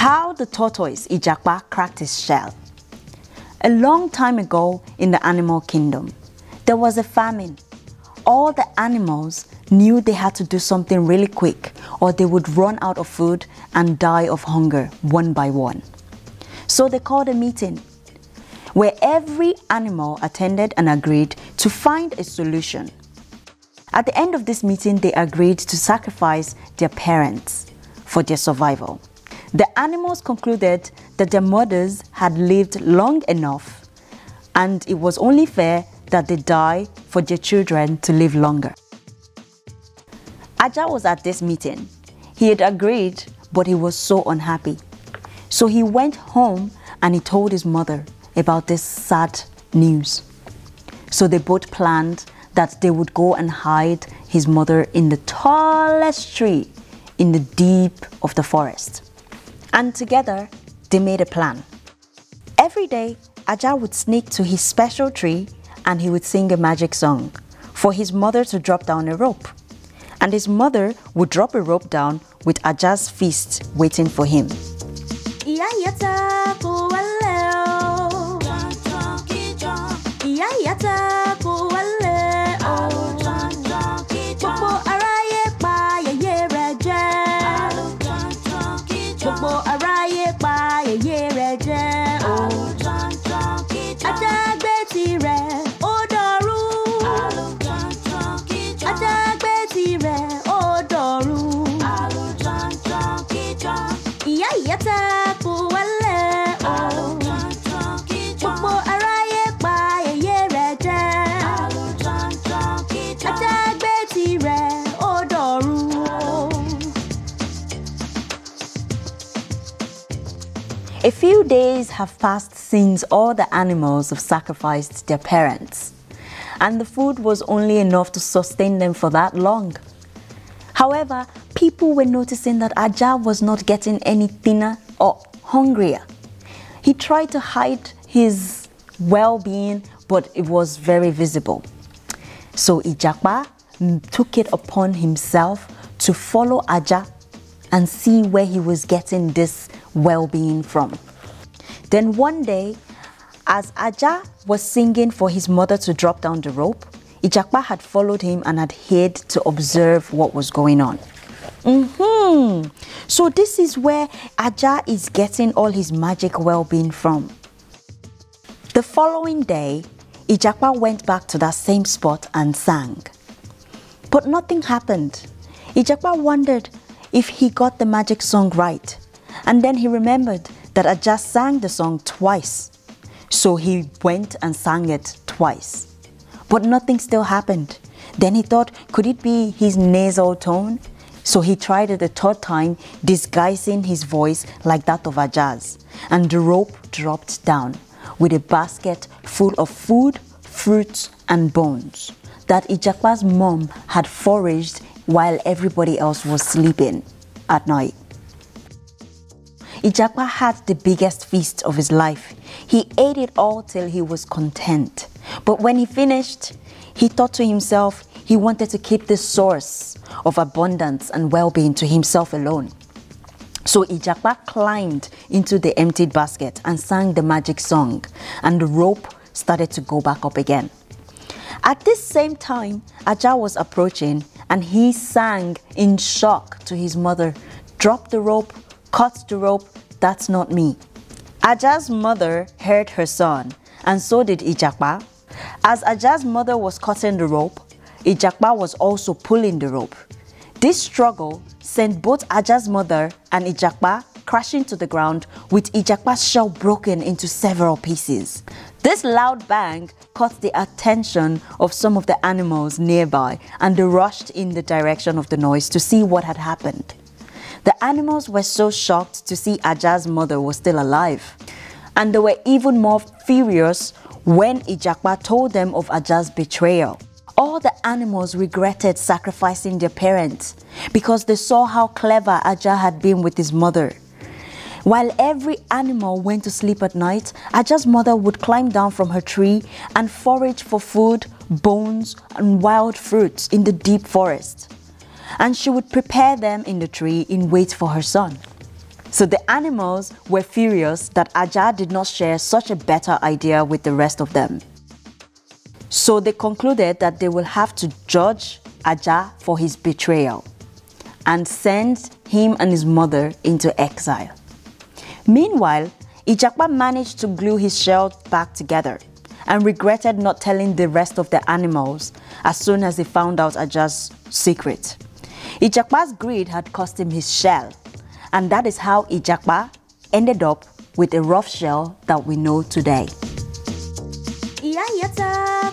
How the tortoise Ijapa cracked his shell. A long time ago in the animal kingdom, there was a famine. All the animals knew they had to do something really quick or they would run out of food and die of hunger one by one. So they called a meeting where every animal attended and agreed to find a solution. At the end of this meeting, they agreed to sacrifice their parents for their survival. The animals concluded that their mothers had lived long enough, and it was only fair that they die for their children to live longer. Aja was at this meeting. He had agreed, but he was so unhappy. So he went home and he told his mother about this sad news. So they both planned that they would go and hide his mother in the tallest tree in the deep of the forest and together they made a plan. Every day, Aja would sneak to his special tree and he would sing a magic song for his mother to drop down a rope. And his mother would drop a rope down with Aja's fist waiting for him. few days have passed since all the animals have sacrificed their parents, and the food was only enough to sustain them for that long. However, people were noticing that Ajab was not getting any thinner or hungrier. He tried to hide his well being, but it was very visible. So Ijakba took it upon himself to follow Ajab and see where he was getting this well being from. Then one day, as Aja was singing for his mother to drop down the rope, Ijakpa had followed him and had hid to observe what was going on. Mm-hmm. So this is where Aja is getting all his magic well-being from. The following day, Ijakpa went back to that same spot and sang. But nothing happened. Ijakpa wondered if he got the magic song right. And then he remembered that I just sang the song twice. So he went and sang it twice. But nothing still happened. Then he thought, could it be his nasal tone? So he tried it a third time, disguising his voice like that of Ajaz. And the rope dropped down with a basket full of food, fruits, and bones that Ijakwa's mom had foraged while everybody else was sleeping at night. Ijakwa had the biggest feast of his life. He ate it all till he was content. But when he finished, he thought to himself he wanted to keep this source of abundance and well being to himself alone. So Ijakwa climbed into the emptied basket and sang the magic song, and the rope started to go back up again. At this same time, Ajah was approaching and he sang in shock to his mother, Drop the rope, cuts the rope, that's not me. Aja's mother heard her son, and so did Ijakba. As Aja's mother was cutting the rope, Ijakba was also pulling the rope. This struggle sent both Aja's mother and Ijakba crashing to the ground with Ijakba's shell broken into several pieces. This loud bang caught the attention of some of the animals nearby and they rushed in the direction of the noise to see what had happened. The animals were so shocked to see Aja's mother was still alive. And they were even more furious when Ijakpa told them of Aja's betrayal. All the animals regretted sacrificing their parents because they saw how clever Aja had been with his mother. While every animal went to sleep at night, Aja's mother would climb down from her tree and forage for food, bones, and wild fruits in the deep forest and she would prepare them in the tree in wait for her son. So the animals were furious that Ajah did not share such a better idea with the rest of them. So they concluded that they will have to judge Ajah for his betrayal and send him and his mother into exile. Meanwhile, Ijakpa managed to glue his shell back together and regretted not telling the rest of the animals as soon as they found out Ajah's secret. Ijakpa's greed had cost him his shell, and that is how Ijakpa ended up with a rough shell that we know today. Iya, iya,